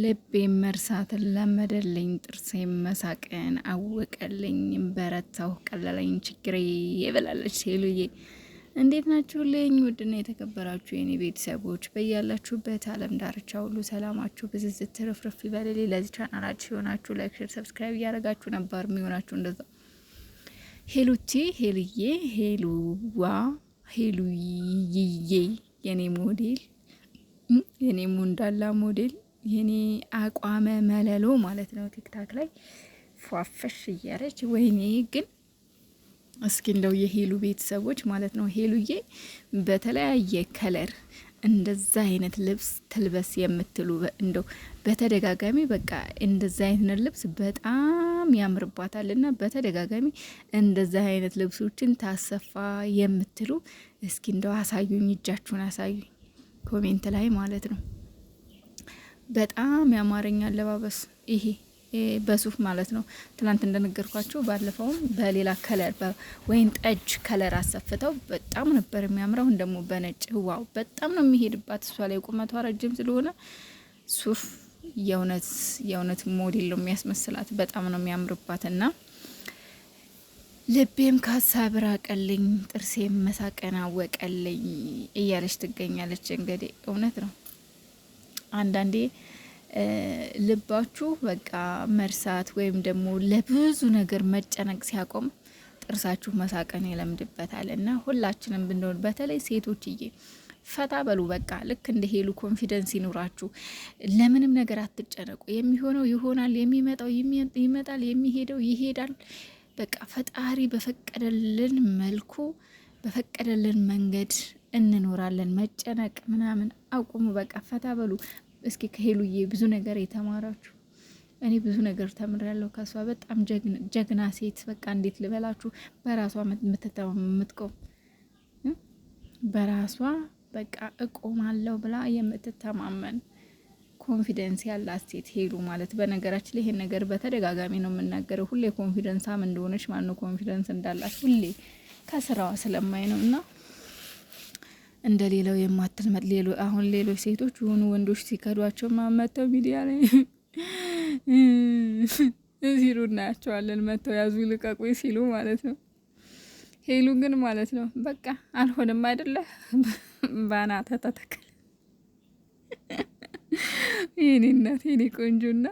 ልቤ መርሳትን ለመደልኝ፣ ጥርሴ መሳቅን አወቀልኝ፣ በረታሁ ቀለለኝ ችግሬ ብላለች ሄሉዬ። እንዴት ናችሁ ልኝ ውድና የተከበራችሁ የኔ ቤተሰቦች በያላችሁበት አለም ዳርቻ ሁሉ ሰላማችሁ ብዝዝት ትርፍርፍ ይበልል። ለዚህ ቻናል ሲሆናችሁ የሆናችሁ ላይክ፣ ሼር፣ ሰብስክራይብ እያደረጋችሁ ነበር የሚሆናችሁ እንደዛ ሄሉቲ ሄልዬ ሄሉዋ ሄሉዬ የኔ ሞዴል የኔ ሙንዳላ ሞዴል የኔ አቋመ መለሎ ማለት ነው። ቲክታክ ላይ ፏፈሽ እያለች ወይኔ ግን እስኪ እንደው የሄሉ ቤተሰቦች ማለት ነው ሄሉዬ በተለያየ ከለር እንደዛ አይነት ልብስ ትልበስ የምትሉ እንደው በተደጋጋሚ በቃ እንደዛ አይነት ልብስ በጣም ያምርባታል እና በተደጋጋሚ እንደዛ አይነት ልብሶችን ታሰፋ የምትሉ እስኪ እንደው አሳዩኝ፣ እጃችሁን አሳዩኝ ኮሜንት ላይ ማለት ነው። በጣም ያማረኛ አለባበስ ይሄ በሱፍ ማለት ነው። ትናንት እንደነገርኳችሁ ባለፈውም በሌላ ከለር ወይን ጠጅ ከለር አሰፍተው በጣም ነበር የሚያምረው። አሁን ደግሞ በነጭ ዋው፣ በጣም ነው የሚሄድባት እሷ ላይ ቁመቷ ረጅም ስለሆነ ሱፍ የእውነት የእውነት ሞዴል ነው የሚያስመስላት። በጣም ነው የሚያምርባት እና ልቤም ከሀሳብ ራቀልኝ፣ ጥርሴም መሳቀን አወቀልኝ እያለች ትገኛለች። እንግዲህ እውነት ነው አንዳንዴ ልባችሁ በቃ መርሳት ወይም ደግሞ ለብዙ ነገር መጨነቅ ሲያቆም ጥርሳችሁ መሳቀን ይለምድበታል። እና ሁላችንም ብንሆን በተለይ ሴቶችዬ ፈታ በሉ። በቃ ልክ እንደ ሄሉ ኮንፊደንስ ይኑራችሁ። ለምንም ነገር አትጨነቁ። የሚሆነው ይሆናል፣ የሚመጣው ይመጣል፣ የሚሄደው ይሄዳል። በቃ ፈጣሪ በፈቀደልን መልኩ በፈቀደልን መንገድ እንኖራለን። መጨነቅ ምናምን አቁሙ፣ በቃ ፈታ በሉ። እስኪ ከሄሉዬ ብዙ ነገር የተማራችሁ እኔ ብዙ ነገር ተምሬያለሁ ከሷ። በጣም ጀግና ሴት በቃ እንዴት ልበላችሁ፣ በራሷ የምትቆም በራሷ በቃ እቆማለሁ ብላ የምትተማመን ኮንፊደንስ ያላት ሴት ሄሉ ማለት። በነገራችን ላይ ይሄን ነገር በተደጋጋሚ ነው የምናገረው፣ ሁሌ ኮንፊደንሳም እንደሆነች ማነው ኮንፊደንስ እንዳላት ሁሌ ከስራዋ ስለማይ ነው እና እንደ ሌላው የማትልመጥ ሌሎ አሁን ሌሎች ሴቶች የሆኑ ወንዶች ሲከዷቸው ማመተው ሚዲያ ላይ ሲሉ እናያቸዋለን። መተው ያዙ ልቀቁ ሲሉ ማለት ነው። ሄሉ ግን ማለት ነው በቃ አልሆንም አይደለ ባና ተተተከ የኔ እናት ቆንጆና፣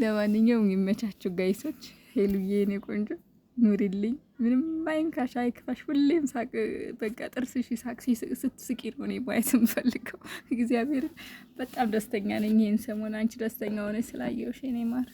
ለማንኛውም የሚመቻችሁ ጋይሶች ሄሉዬ የኔ ቆንጆ ኑሪልኝ፣ ምንም አይንካሽ፣ አይክፋሽ። ሁሌም ሳቅ በቃ ጥርስሽ ሳቅ ስትስቂ ነው እኔ ማየት የምፈልገው። እግዚአብሔርን በጣም ደስተኛ ነኝ ይህን ሰሞን አንቺ ደስተኛ ሆነች ስላየሁሽ እኔ ማር